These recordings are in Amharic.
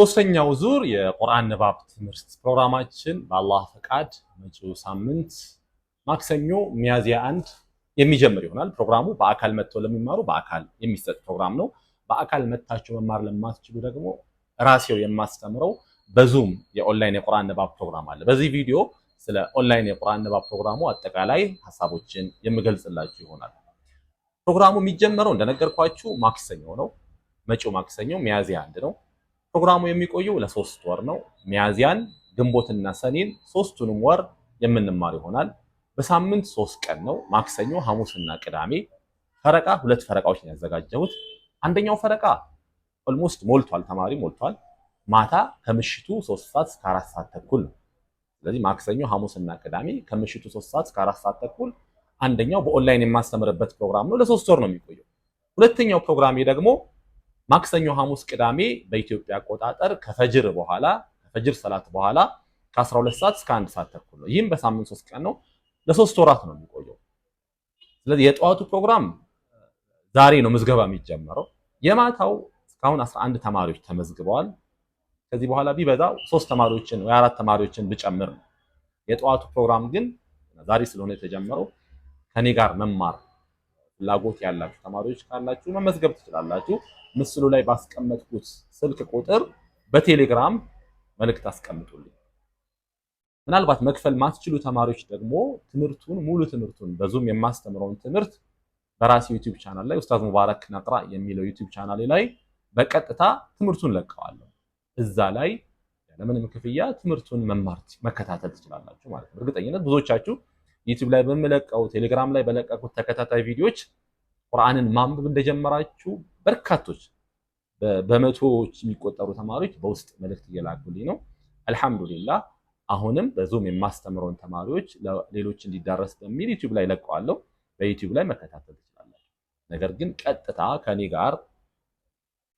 ሶስተኛው ዙር የቁርአን ንባብ ትምህርት ፕሮግራማችን በአላህ ፈቃድ መጪው ሳምንት ማክሰኞ ሚያዝያ አንድ የሚጀምር ይሆናል። ፕሮግራሙ በአካል መጥተው ለሚማሩ በአካል የሚሰጥ ፕሮግራም ነው። በአካል መጥታችሁ መማር ለማትችሉ ደግሞ ራሴው የማስተምረው በዙም የኦንላይን የቁርአን ንባብ ፕሮግራም አለ። በዚህ ቪዲዮ ስለ ኦንላይን የቁርአን ንባብ ፕሮግራሙ አጠቃላይ ሀሳቦችን የምገልጽላችሁ ይሆናል። ፕሮግራሙ የሚጀመረው እንደነገርኳችሁ ማክሰኞ ነው። መጪው ማክሰኞ ሚያዝያ አንድ ነው። ፕሮግራሙ የሚቆየው ለሶስት ወር ነው። ሚያዚያን፣ ግንቦትና ሰኔን ሶስቱንም ወር የምንማር ይሆናል። በሳምንት ሶስት ቀን ነው፣ ማክሰኞ፣ ሐሙስና ቅዳሜ። ፈረቃ ሁለት ፈረቃዎች ነው ያዘጋጀሁት። አንደኛው ፈረቃ ኦልሞስት ሞልቷል፣ ተማሪ ሞልቷል። ማታ ከምሽቱ ሶስት ሰዓት እስከ አራት ሰዓት ተኩል ነው። ስለዚህ ማክሰኞ፣ ሐሙስና ቅዳሜ ከምሽቱ ሶስት ሰዓት እስከ አራት ሰዓት ተኩል አንደኛው በኦንላይን የማስተምርበት ፕሮግራም ነው። ለሶስት ወር ነው የሚቆየው። ሁለተኛው ፕሮግራሜ ደግሞ ማክሰኞ፣ ሐሙስ፣ ቅዳሜ በኢትዮጵያ አቆጣጠር ከፈጅር በኋላ ከፈጅር ሰላት በኋላ ከ12 ሰዓት እስከ 1 ሰዓት ተኩል ነው። ይህም በሳምንት ሶስት ቀን ነው፣ ለሶስት ወራት ነው የሚቆየው። ስለዚህ የጠዋቱ ፕሮግራም ዛሬ ነው ምዝገባ የሚጀመረው። የማታው እስካሁን 11 ተማሪዎች ተመዝግበዋል። ከዚህ በኋላ ቢበዛ ሶስት ተማሪዎችን ወይ አራት ተማሪዎችን ብጨምር ነው። የጠዋቱ ፕሮግራም ግን ዛሬ ስለሆነ የተጀመረው ከኔ ጋር መማር ፍላጎት ያላችሁ ተማሪዎች ካላችሁ መመዝገብ ትችላላችሁ። ምስሉ ላይ ባስቀመጥኩት ስልክ ቁጥር በቴሌግራም መልእክት አስቀምጡልኝ። ምናልባት መክፈል ማትችሉ ተማሪዎች ደግሞ ትምህርቱን ሙሉ ትምህርቱን በዙም የማስተምረውን ትምህርት በራሴ ዩቲዩብ ቻናል ላይ ኡስታዝ ሙባረክ ነቅራ የሚለው ዩቲዩብ ቻናል ላይ በቀጥታ ትምህርቱን ለቀዋለሁ። እዛ ላይ ያለምንም ክፍያ ትምህርቱን መማር መከታተል ትችላላችሁ ማለት ነው። እርግጠኝነት ብዙዎቻችሁ ዩቲዩብ ላይ በምለቀው ቴሌግራም ላይ በለቀቁት ተከታታይ ቪዲዮዎች ቁርአንን ማንበብ እንደጀመራችሁ በርካቶች በመቶዎች የሚቆጠሩ ተማሪዎች በውስጥ መልእክት እየላኩልኝ ነው። አልሐምዱሊላህ አሁንም በዙም የማስተምረውን ተማሪዎች ሌሎች እንዲዳረስ በሚል ዩቲዩብ ላይ ለቀዋለሁ። በዩቲዩብ ላይ መከታተል ትችላላችሁ። ነገር ግን ቀጥታ ከኔ ጋር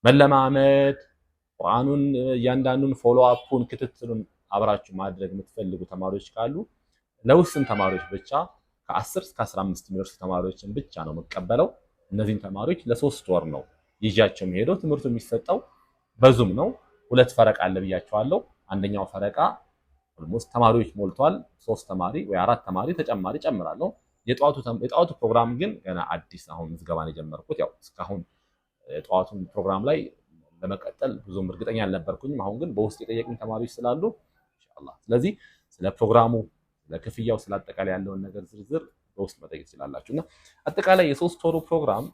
መለማመድ ቁርአኑን እያንዳንዱን ፎሎ አፑን ክትትሉን አብራችሁ ማድረግ የምትፈልጉ ተማሪዎች ካሉ ለውስን ተማሪዎች ብቻ ከ10 እስከ 15 ዩኒቨርሲቲ ተማሪዎችን ብቻ ነው የምቀበለው። እነዚህን ተማሪዎች ለሶስት ወር ነው ይዣቸው የሚሄደው። ትምህርቱ የሚሰጠው በዙም ነው። ሁለት ፈረቃ አለ ብያቸዋለሁ። አንደኛው ፈረቃ ኦልሞስት ተማሪዎች ሞልቷል። ሶስት ተማሪ ወይ አራት ተማሪ ተጨማሪ ጨምራለሁ። የጠዋቱ ፕሮግራም ግን ገና አዲስ አሁን ምዝገባን የጀመርኩት ያው እስካሁን የጠዋቱን ፕሮግራም ላይ ለመቀጠል ብዙም እርግጠኛ አልነበርኩኝም። አሁን ግን በውስጥ የጠየቁኝ ተማሪዎች ስላሉ ኢንሻአላህ ስለዚህ ስለ ፕሮግራሙ ለክፍያው ስለ አጠቃላይ ያለውን ነገር ዝርዝር በውስጥ መጠየቅ ትችላላችሁ። እና አጠቃላይ የሶስት ወሩ ፕሮግራም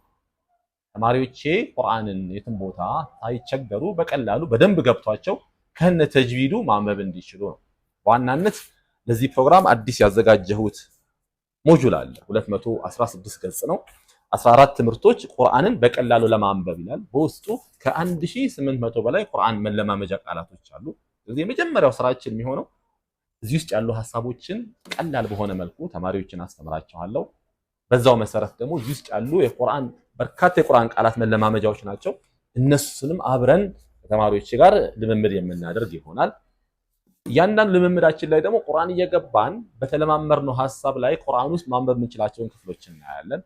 ተማሪዎቼ ቁርአንን የትም ቦታ ሳይቸገሩ በቀላሉ በደንብ ገብቷቸው ከነ ተጅቢዱ ማንበብ እንዲችሉ ነው። በዋናነት ለዚህ ፕሮግራም አዲስ ያዘጋጀሁት ሞጁል አለ 216 ገጽ ነው። 14 ትምህርቶች ቁርአንን በቀላሉ ለማንበብ ይላል። በውስጡ ከ1800 በላይ ቁርአን መለማመጃ ቃላቶች አሉ። ስለዚህ የመጀመሪያው ስራችን የሚሆነው እዚህ ውስጥ ያሉ ሀሳቦችን ቀላል በሆነ መልኩ ተማሪዎችን አስተምራቸዋለሁ። በዛው መሰረት ደግሞ እዚህ ውስጥ ያሉ የቁርአን በርካታ የቁርአን ቃላት መለማመጃዎች ናቸው። እነሱንም አብረን ከተማሪዎች ጋር ልምምድ የምናደርግ ይሆናል። እያንዳንዱ ልምምዳችን ላይ ደግሞ ቁርአን እየገባን በተለማመርነው ሀሳብ ላይ ቁርአን ውስጥ ማንበብ የምንችላቸውን ክፍሎች እናያለን።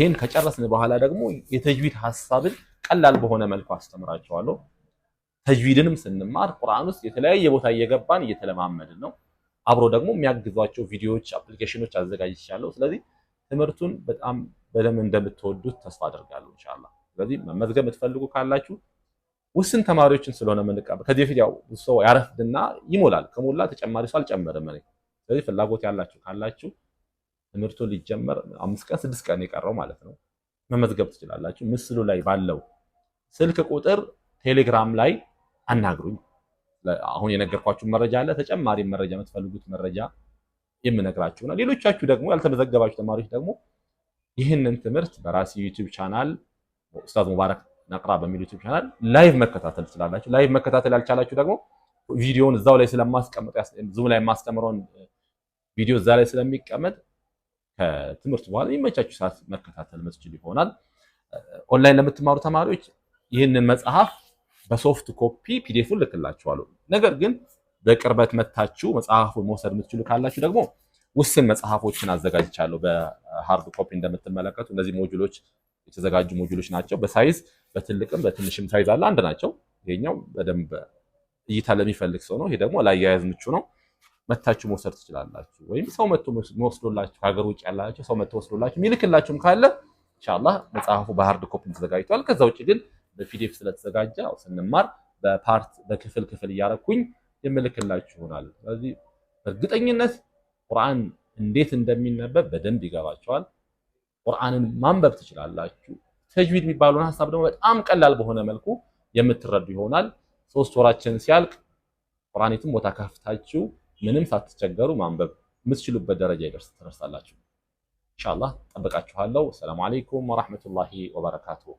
ይህን ከጨረስን በኋላ ደግሞ የተጅዊድ ሀሳብን ቀላል በሆነ መልኩ አስተምራቸዋለሁ። ተጅዊድንም ስንማር ቁርአን ውስጥ የተለያየ ቦታ እየገባን እየተለማመድን ነው። አብሮ ደግሞ የሚያግዟቸው ቪዲዮዎች፣ አፕሊኬሽኖች አዘጋጅቻለሁ። ስለዚህ ትምህርቱን በጣም በደም እንደምትወዱት ተስፋ አድርጋለሁ ኢንሻአላህ። ስለዚህ መመዝገብ የምትፈልጉ ካላችሁ ውስን ተማሪዎችን ስለሆነ የምንቀበል ከዚህ በፊት ያው ሰው ያረፍድና ይሞላል። ከሞላ ተጨማሪ ሰው አልጨመርም እኔ። ስለዚህ ፍላጎት ያላችሁ ካላችሁ ትምህርቱን ሊጀመር አምስት ቀን ስድስት ቀን የቀረው ማለት ነው መመዝገብ ትችላላችሁ። ምስሉ ላይ ባለው ስልክ ቁጥር ቴሌግራም ላይ አናግሩኝ። አሁን የነገርኳችሁ መረጃ አለ። ተጨማሪ መረጃ የምትፈልጉት መረጃ የምነግራችሁ ነው። ሌሎቻችሁ ደግሞ ያልተመዘገባችሁ ተማሪዎች ደግሞ ይህንን ትምህርት በራሴ ዩቲዩብ ቻናል ኡስታዝ ሙባረክ ነቅራ በሚል ዩቲዩብ ቻናል ላይቭ መከታተል ትችላላችሁ። ላይቭ መከታተል ያልቻላችሁ ደግሞ ቪዲዮውን እዛው ላይ ስለማስቀምጥ ዙም ላይ የማስቀምረውን ቪዲዮ እዛ ላይ ስለሚቀመጥ ከትምህርቱ በኋላ የሚመቻችሁ ሰዓት መከታተል መስችል ይሆናል። ኦንላይን ለምትማሩ ተማሪዎች ይህንን መጽሐፍ በሶፍት ኮፒ ፒዲኤፉን ልክላችኋለሁ። ነገር ግን በቅርበት መታችሁ መጽሐፉን መውሰድ የምትችሉ ካላችሁ ደግሞ ውስን መጽሐፎችን አዘጋጅቻለሁ። በሃርድ ኮፒ እንደምትመለከቱ እነዚህ ሞጁሎች የተዘጋጁ ሞጁሎች ናቸው። በሳይዝ በትልቅም በትንሽም ሳይዝ አለ፣ አንድ ናቸው። ይሄኛው በደንብ እይታ ለሚፈልግ ሰው ነው። ይሄ ደግሞ ላያያዝ ምቹ ነው። መታችሁ መውሰድ ትችላላችሁ። ወይም ሰው መጥቶ መወስዶላችሁ ከሀገር ውጭ ያላችሁ ሰው መጥቶ ወስዶላችሁ የሚልክላችሁም ካለ ኢንሻላህ መጽሐፉ በሃርድ ኮፒ ተዘጋጅቷል። ከዛ ውጭ ግን በፒዲኤፍ ስለተዘጋጀ አው ስንማር በፓርት በክፍል ክፍል እያረኩኝ የምልክላችሁ ይሆናል። ስለዚህ በእርግጠኝነት ቁርአን እንዴት እንደሚነበብ በደንብ ይገባቸዋል። ቁርአንን ማንበብ ትችላላችሁ። ተጅዊድ የሚባለውን ሀሳብ ደግሞ በጣም ቀላል በሆነ መልኩ የምትረዱ ይሆናል። ሶስት ወራችን ሲያልቅ ቁርአን ቦታ ከፍታችሁ ምንም ሳትቸገሩ ማንበብ የምትችሉበት ደረጃ ይደርስ ትደርሳላችሁ። ኢንሻአላህ ጠብቃችኋለሁ። ሰላም አለይኩም ወራህመቱላሂ ወበረካቱሁ።